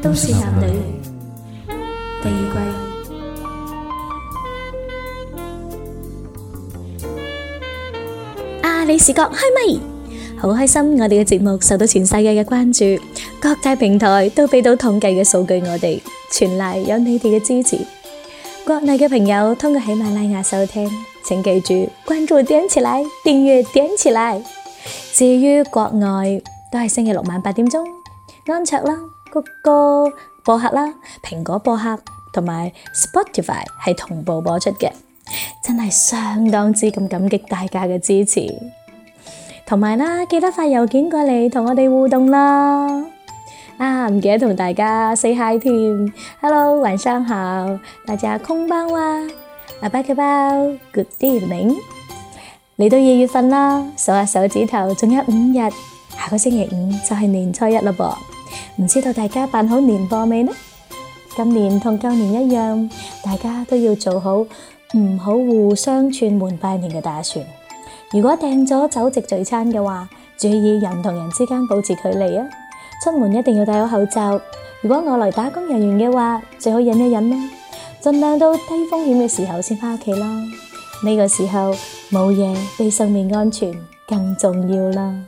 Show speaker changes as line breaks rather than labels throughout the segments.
都市男女第二季啊！阿里娃開咪好開心，我哋嘅節目受到全世界嘅關注，各大平台都俾到統計嘅數據。我哋全賴有你哋嘅支持，國內嘅朋友通過喜馬拉雅收聽，請記住關注點起來，訂閱點起來。至於國外都係星期六晚八點鐘安卓啦。個播客啦，蘋果播客同埋 Spotify 係同步播出嘅，真係相當之咁感激大家嘅支持，同埋啦，記得發郵件過嚟同我哋互動啦。啊，唔記得同大家 say hi 添，Hello，晚上好，大家空班話啊，Blackie 包，Good evening，嚟到二月份啦，數下手指頭，仲有五日，下個星期五就係年初一啦噃。唔知道大家辦好年貨未呢？今年同舊年一樣，大家都要做好唔好互相串門拜年嘅打算。如果訂咗酒席聚餐嘅話，注意人同人之間保持距離啊！出門一定要戴好口罩。如果外來打工人員嘅話，最好忍一忍啦，盡量到低風險嘅時候先返屋企啦。呢、這個時候冇嘢比生命安全更重要啦。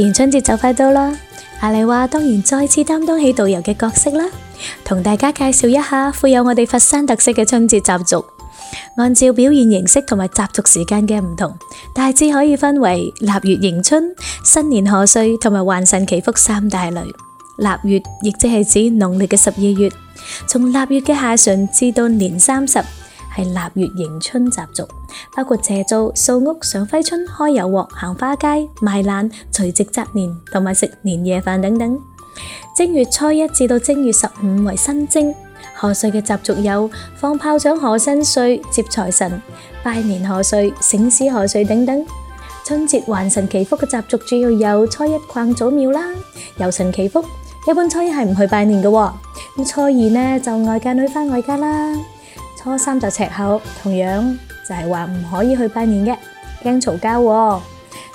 年春節就快到啦，阿里娃當然再次擔當起導遊嘅角色啦，同大家介紹一下富有我哋佛山特色嘅春節習俗。按照表現形式同埋習俗時間嘅唔同，大致可以分為臘月迎春、新年賀歲同埋還神祈福三大類。臘月亦即係指農曆嘅十二月，從臘月嘅下旬至到年三十。係臘月迎春習俗，包括謝灶、掃屋、上揮春、開油鑊、行花街、賣懶、除夕責年同埋食年夜飯等等。正月初一至到正月十五為新正，賀歲嘅習俗有放炮仗賀新歲、接財神、拜年賀歲、醒獅賀歲等等。春節還神祈福嘅習俗主要有初一逛祖廟啦、遊神祈福。一般初一係唔去拜年嘅，哦，咁初二呢就外嫁女翻外家啦。初三就赤口，同樣就係話唔可以去拜年嘅，驚嘈交喎。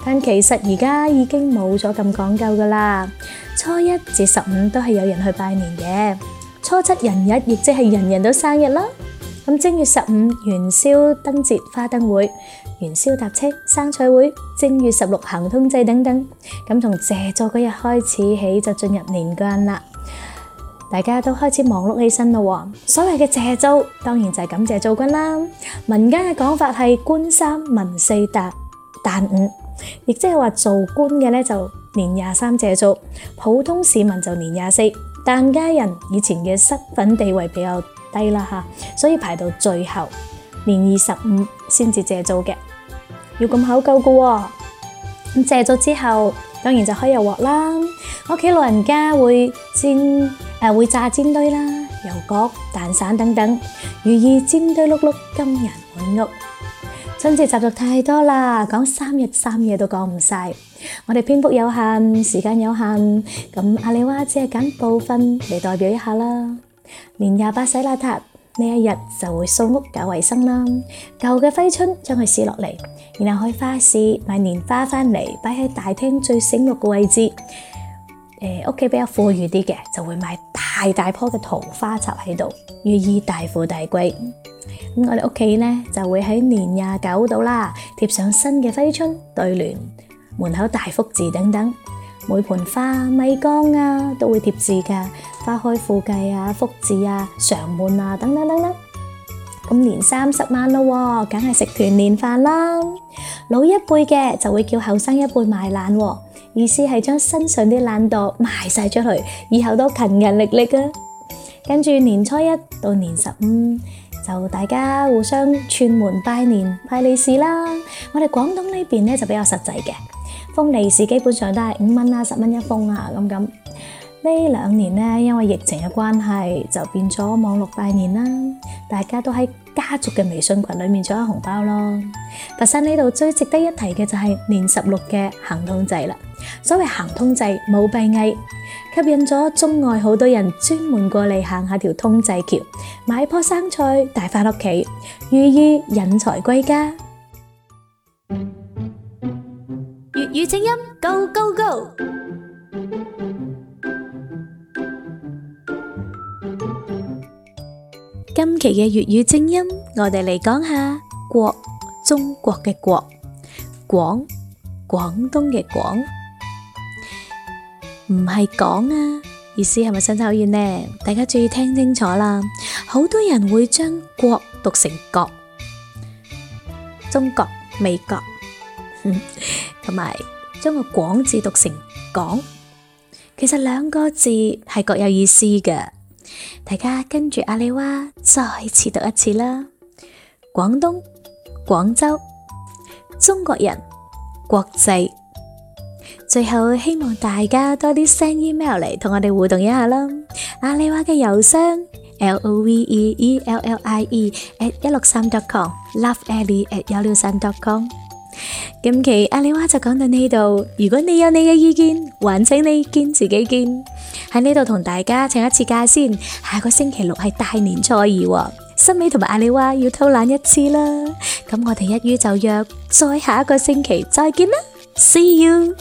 但其實而家已經冇咗咁講究噶啦，初一至十五都係有人去拜年嘅，初七人日亦即係人人都生日啦。咁正月十五元宵燈節、花燈會、元宵搭車、生菜會、正月十六行通濟等等，咁從謝灶嗰日開始起就進入年關啦。大家都開始忙碌起身咯，所謂嘅謝灶，當然就係感謝灶君啦。民間嘅講法係官三民四疍五，亦即係話做官嘅咧就年廿三謝灶，普通市民就年廿四，疍家人以前嘅身份地位比較低啦吓，所以排到最後年二十五先至謝灶嘅，要咁考究嘅。咁謝咗之後。當然就開油鑊啦，屋企老人家會煎、呃、會炸煎堆啦，油角、蛋散等等，寓意煎堆碌碌碌，金銀滿屋。春節習俗太多啦，講三日三夜都講唔晒，我哋篇幅有限，時間有限，咁阿里娃只係揀部分嚟代表一下啦。年廿八洗邋遢。呢一日就會掃屋搞衛生啦，舊嘅揮春將佢撕落嚟，然後去花市買年花翻嚟擺喺大廳最醒目嘅位置。誒，屋企比較富裕啲嘅就會買大大棵嘅桃花插喺度，寓意大富大貴。咁我哋屋企呢就會喺年廿九度啦，貼上新嘅揮春、對聯、門口大福字等等，每盆花、米缸啊都會貼字㗎。花開富貴啊，福字啊，常滿啊，等等等等啊，咁年三十晚咯，梗係食團年飯啦。老一輩嘅就會叫後生一輩賣懶，意思係將身上啲懶惰賣晒出去，以後都勤勤力力啊。跟住年初一到年十五，就大家互相串門拜年派利是啦。我哋廣東呢邊咧就比較實際嘅，封利是基本上都係五蚊啊、十蚊一封啊，咁咁。呢兩年呢，因為疫情嘅關係，就變咗網絡拜年啦。大家都喺家族嘅微信群裏面搶下紅包咯。佛山呢度最值得一提嘅就係年十六嘅行通濟啦。所謂行通濟，冇閉翳，吸引咗中外好多人專門過嚟行下條通濟橋，買棵生菜帶翻屋企，寓意引財歸家。粵語正音：go go go。今期嘅粵語正音，我哋嚟講下國，中國嘅國，廣，廣東嘅廣，唔係港啊，意思係咪新口音呢？大家注意聽清楚啦，好多人會將國讀成國，中國、美國，同、嗯、埋將個廣字讀成港，其實兩個字係各有意思嘅。大家跟住阿里娃再次讀一次啦！廣東、廣州、中國人、國際。最後希望大家多啲 send email 嚟同我哋互動一下啦！阿里娃嘅郵箱 loveellie@163.com，loveellie@163.com。今期阿里娃就講到呢度，如果你有你嘅意見，還請你堅持己見，喺呢度同大家請一次假先。下個星期六係大年初二，森美同埋阿里娃要偷懶一次啦。咁我哋一於就約再下一個星期再見啦。See you！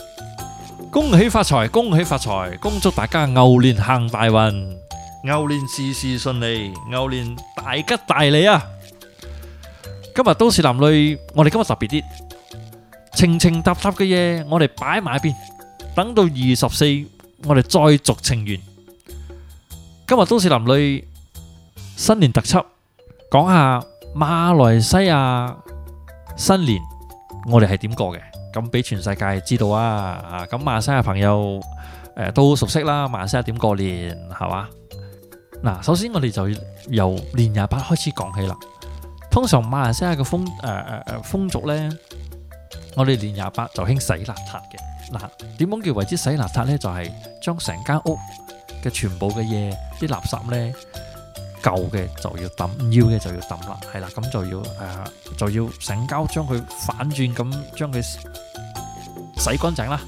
恭
喜發財，恭喜發財，恭祝大家牛年行大運，牛年事事順利，牛年大吉大利啊！今日都市男女，我哋今日特別啲。情情搭搭嘅嘢，我哋擺埋一邊，等到二月十四，我哋再續情緣。今日都市男女新年特輯，講下馬來西亞新年我哋係點過嘅，咁俾全世界知道啊！啊，咁馬來西亞朋友誒都熟悉啦，馬來西亞點過年係咪？嗱，首先我哋就由年廿八開始講起啦。通常馬來西亞嘅風誒誒誒風俗咧。我哋年廿八就興洗邋遢嘅，嗱，點樣叫為之洗邋遢咧？就係將成間屋嘅全部嘅嘢，啲垃圾咧舊嘅就要抌，唔要嘅就要抌啦，係啦，咁就要啊，就要成家將佢反轉咁，將佢洗乾淨啦。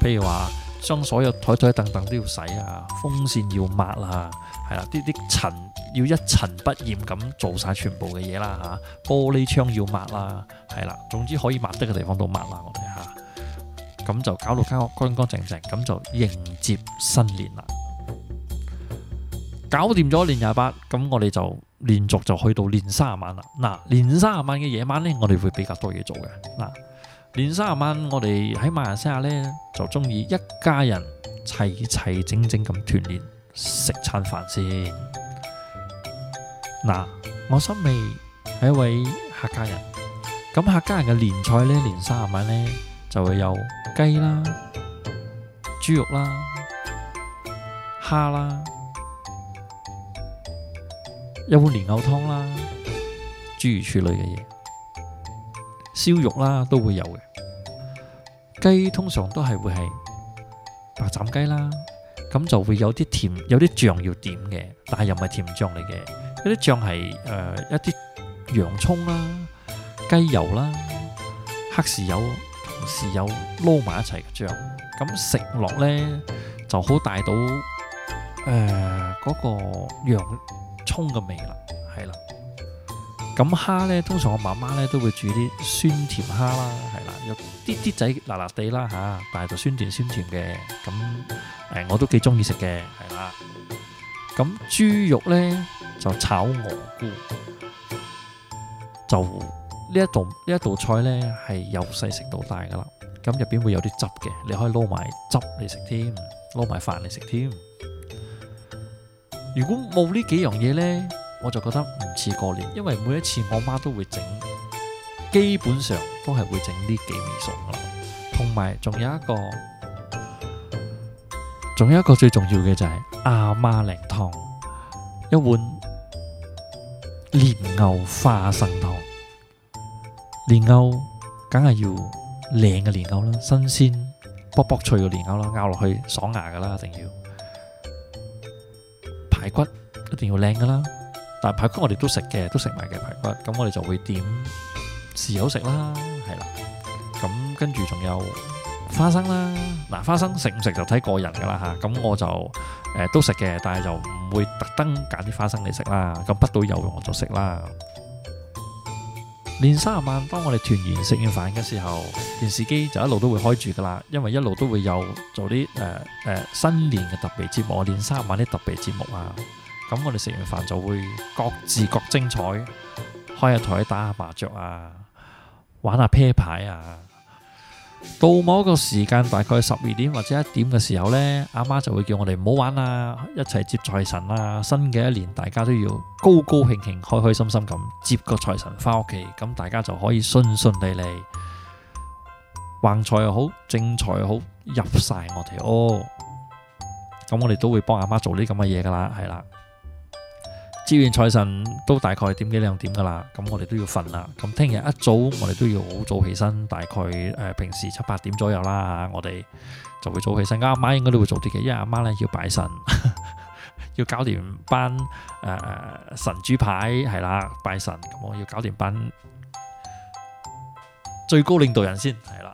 譬如話，將所有台台凳凳都要洗啊，風扇要抹啊，係啦，啲啲塵。要一塵不染咁做晒全部嘅嘢啦，嚇、啊、玻璃窗要抹啦，係啦，總之可以抹得嘅地方都抹啦，我哋嚇咁就搞到間屋乾乾淨淨，咁就迎接新年啦。搞掂咗年廿八，咁我哋就連續就去到年卅晚啦。嗱、啊，年卅晚嘅夜晚呢，我哋會比較多嘢做嘅嗱、啊。年卅晚我哋喺馬來西亞呢，就中意一家人齊齊整整咁團年食餐飯先。嗱、啊，我心尾係一位客家人，咁客家人嘅年菜呢，年卅晚呢，就會有雞啦、豬肉啦、蝦啦，一碗蓮藕湯啦，諸如此類嘅嘢，燒肉啦都會有嘅。雞通常都係會係白斬雞啦，咁就會有啲甜，有啲醬要點嘅，但係又唔係甜醬嚟嘅。嗰啲醬係誒一啲洋葱啦、雞油啦、黑豉油同豉油撈埋一齊嘅醬，咁食落咧就好大到誒嗰個洋葱嘅味啦，係啦。咁蝦咧，通常我媽媽咧都會煮啲酸甜蝦啦，係啦，有啲啲仔辣辣地啦吓，但係就酸甜酸甜嘅，咁誒我都幾中意食嘅，係啦。咁豬肉咧。就炒蘑菇，就呢一道呢一道菜咧，係由細食到大噶啦。咁入邊會有啲汁嘅，你可以撈埋汁嚟食添，撈埋飯嚟食添。如果冇呢幾樣嘢咧，我就覺得唔似過年，因為每一次我媽都會整，基本上都係會整呢幾味餸咯。同埋仲有一個，仲有一個最重要嘅就係阿媽靚湯一碗。蓮藕花生湯，蓮藕梗係要靚嘅蓮藕啦，新鮮、卜卜脆嘅蓮藕啦，咬落去爽牙㗎啦，一定要。排骨一定要靚㗎啦，但係排骨我哋都食嘅，都食埋嘅排骨，咁我哋就會點豉油食啦，係啦。咁跟住仲有。花生啦，嗱花生食唔食就睇個人噶啦吓，咁我就誒都食嘅，但係就唔會特登揀啲花生嚟食啦，咁不到有用我就食啦。年卅晚，當我哋團圓食完飯嘅時候，電視機就一路都會開住噶啦，因為一路都會有做啲誒誒新年嘅特別節目，年卅晚啲特別節目啊，咁我哋食完飯就會各自各精彩，開下台打下麻雀啊，玩下啤牌啊。到某一個時間，大概十二點或者一點嘅時候呢，阿媽就會叫我哋唔好玩啦，一齊接財神啦。新嘅一年，大家都要高高興興、開開心心咁接個財神翻屋企，咁大家就可以順順利利，橫財又好、正財又好入晒我哋屋。咁我哋都會幫阿媽做啲咁嘅嘢噶啦，係啦。做完財神都大概點幾兩點噶啦，咁我哋都要瞓啦。咁聽日一早我哋都要好早起身，大概誒、呃、平時七八點左右啦，我哋就會早起身。阿、啊、媽應該都會早啲嘅，因為阿媽咧要拜神， 要搞掂班誒、呃、神主牌係啦，拜神，咁我要搞掂班最高領導人先係啦。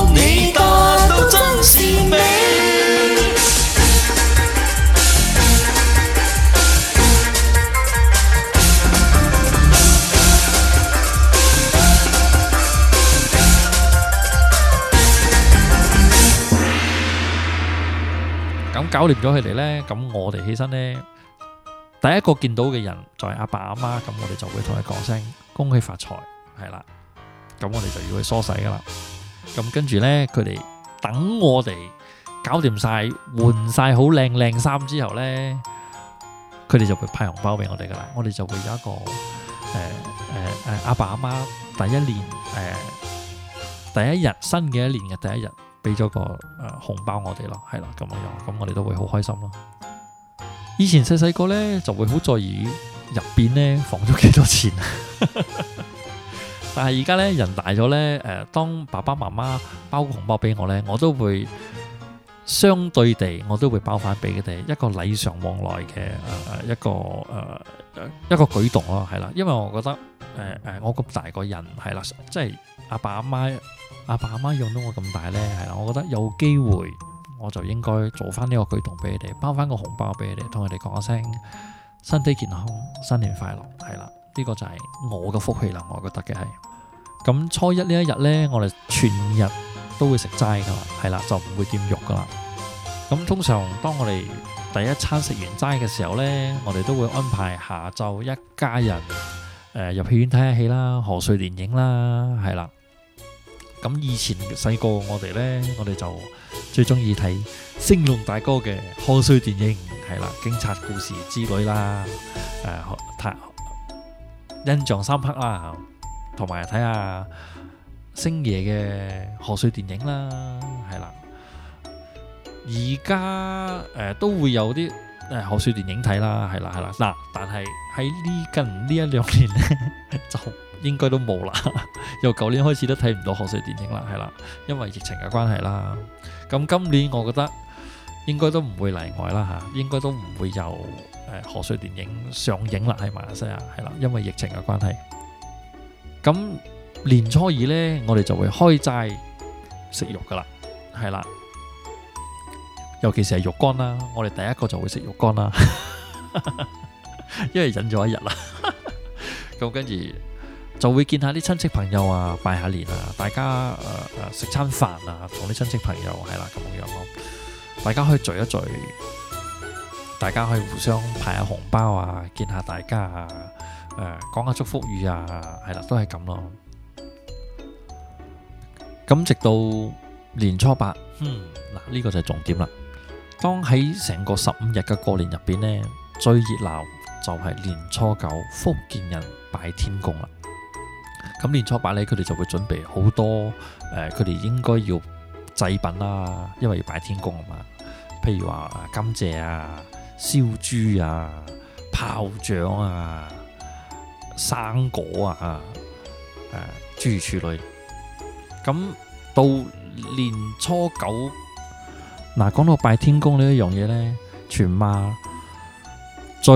搞掂咗佢哋呢，咁我哋起身呢，第一個見到嘅人就係阿爸阿媽，咁我哋就會同佢講聲恭喜發財，係啦，咁我哋就要去梳洗噶啦，咁跟住呢，佢哋等我哋搞掂晒換晒好靚靚衫之後呢，佢哋就會派紅包俾我哋噶啦，我哋就會有一個誒誒誒阿爸阿媽第一年誒第一日新嘅一年嘅第一日。俾咗個誒、呃、紅包我哋咯，係啦，咁樣，咁我哋都會好開心咯。以前細細個咧，就會好在意入邊咧放咗幾多錢， 但係而家咧人大咗咧，誒、呃，當爸爸媽媽包個紅包俾我咧，我都會相對地，我都會包翻俾佢哋一個禮尚往來嘅、呃、一個誒、呃、一個舉動咯，係啦，因為我覺得誒誒、呃呃，我咁大個人，係啦，即係阿爸阿媽。阿爸阿媽養到我咁大呢，係啦，我覺得有機會我就應該做翻呢個舉動俾佢哋，包翻個紅包俾佢哋，同佢哋講一聲身體健康，新年快樂，係啦，呢、呢個就係我嘅福氣啦，我覺得嘅係。咁初一呢一日呢，我哋全日都會食齋噶，係啦，就唔會點肉噶啦。咁通常當我哋第一餐食完齋嘅時候呢，我哋都會安排下晝一家人誒、呃、入戲院睇下戲啦，賀歲電影啦，係啦。咁以前細個我哋呢，我哋就最中意睇星龍大哥嘅賀歲電影，係啦，警察故事之類啦，誒、呃，睇印象深刻啦，同埋睇下星爺嘅賀歲電影啦，係啦。而家誒都會有啲誒賀歲電影睇啦，係啦，係啦，嗱、啊，但係喺呢近呢一兩年呢， 就。應該都冇啦，由舊年開始都睇唔到賀歲電影啦，係啦，因為疫情嘅關係啦。咁今年我覺得應該都唔會例外啦，嚇，應該都唔會有誒賀歲電影上映啦，喺馬來西亞係啦，因為疫情嘅關係。咁年初二呢，我哋就會開齋食肉噶啦，係啦，尤其是係肉乾啦，我哋第一個就會食肉乾啦，因為忍咗一日啦，咁跟住。就會見下啲親戚朋友啊，拜下年啊，大家誒誒食餐飯啊，同啲親戚朋友係啦咁樣咯。大家可以聚一聚，大家可以互相派下紅包啊，見下大家啊，誒、呃、講下祝福語啊，係啦都係咁咯。咁直到年初八，嗯，嗱，呢個就係重點啦。當喺成個十五日嘅過年入邊呢，最熱鬧就係年初九福建人拜天公啦。咁年初八咧，佢哋就會準備好多誒，佢、呃、哋應該要祭品啦，因為要拜天公啊嘛。譬如話甘蔗啊、燒豬啊、炮仗啊、生果啊，誒諸如此類。咁、嗯、到年初九，嗱、呃、講到拜天公呢一樣嘢咧，全媽。最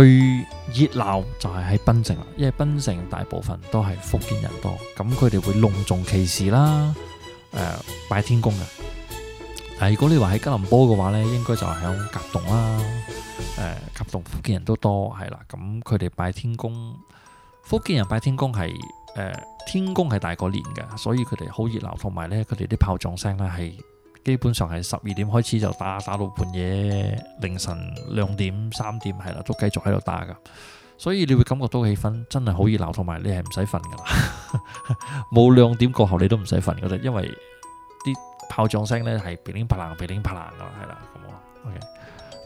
熱鬧就係喺檳城啦，因為檳城大部分都係福建人多，咁佢哋會隆重其事啦，誒、呃、拜天公嘅。但如果你話喺吉隆坡嘅話呢，應該就喺甲洞啦，誒、呃、甲洞福建人都多，係啦，咁佢哋拜天公，福建人拜天公係誒、呃、天公係大過年嘅，所以佢哋好熱鬧，同埋呢，佢哋啲炮仗聲呢係。基本上係十二點開始就打，打到半夜凌晨兩點三點，係啦，都繼續喺度打噶所以你會感覺到氣氛真係好熱鬧，同埋你係唔使瞓噶啦，冇 兩點過後你都唔使瞓噶啦，因為啲炮仗聲呢係噼里啪啦噼里啪啦噶啦，係啦，咁啊，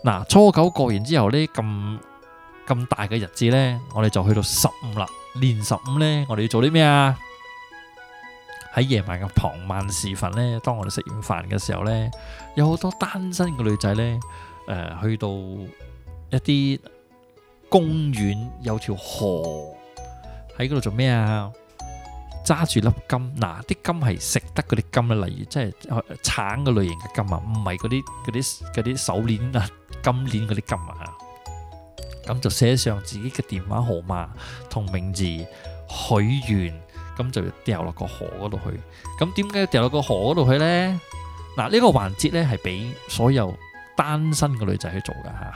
嗱、okay. 初九過完之後呢，咁咁大嘅日子呢，我哋就去到十五啦，年十五呢，我哋要做啲咩啊？喺夜晚嘅傍晚時分咧，當我哋食完飯嘅時候咧，有好多單身嘅女仔咧，誒去到一啲公園有條河喺嗰度做咩啊？揸住粒金，嗱啲金係食得嗰啲金啦，例如即係橙嘅類型嘅金啊，唔係嗰啲嗰啲嗰啲手鏈啊、金鏈嗰啲金啊。咁就寫上自己嘅電話號碼同名字許願。咁就掉落個河嗰度去，咁點解掉落個河嗰度去呢？嗱、啊，呢個、環節呢個環節呢係俾所有單身嘅女仔去做噶吓。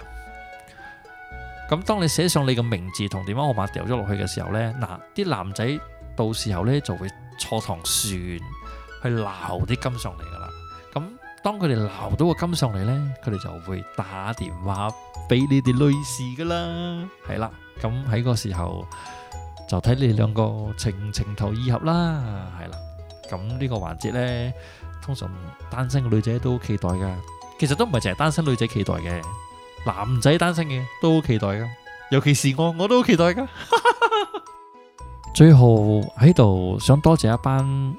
咁、啊、當你寫上你嘅名字同電話號碼掉咗落去嘅時、啊、時候呢，嗱，啲男仔到時候呢就會坐堂船去撈啲金上嚟噶啦。咁、啊、當佢哋撈到個金上嚟呢，佢哋就會打電話俾你哋女士噶啦。係啦，咁喺個時候。就睇你哋兩個情情投意合啦，係啦。咁呢個環節呢，通常單身嘅女仔都好期待嘅。其實都唔係淨係單身女仔期待嘅，男仔單身嘅都好期待嘅。尤其是我，我都好期待噶。最後喺度想多謝一班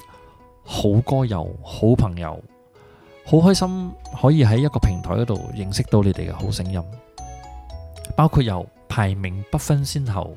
好歌友、好朋友，好開心可以喺一個平台嗰度認識到你哋嘅好聲音，包括由排名不分先後。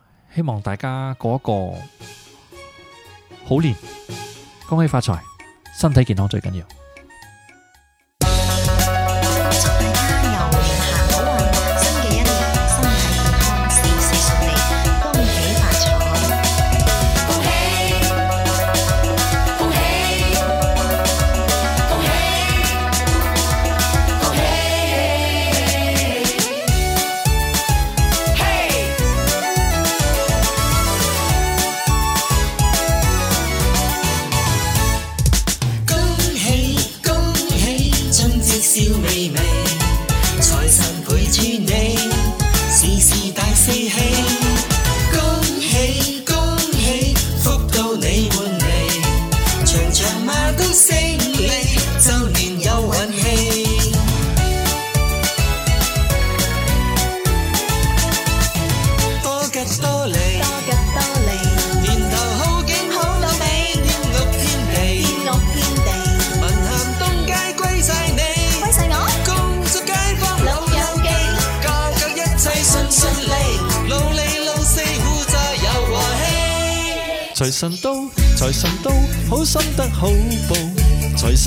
希望大家過一個好年，恭喜發財，身體健康最緊要。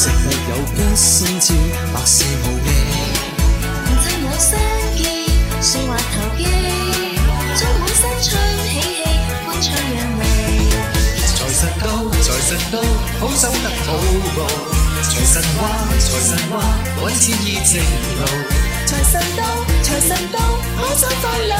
食日有吉先至，百事無味。同親友相見，説話投機，充滿新春喜氣，歡唱揚眉。財神到，財神到，好心得好報。財神話，財神話，揾錢依正路。財神到，財神到，好想快樂。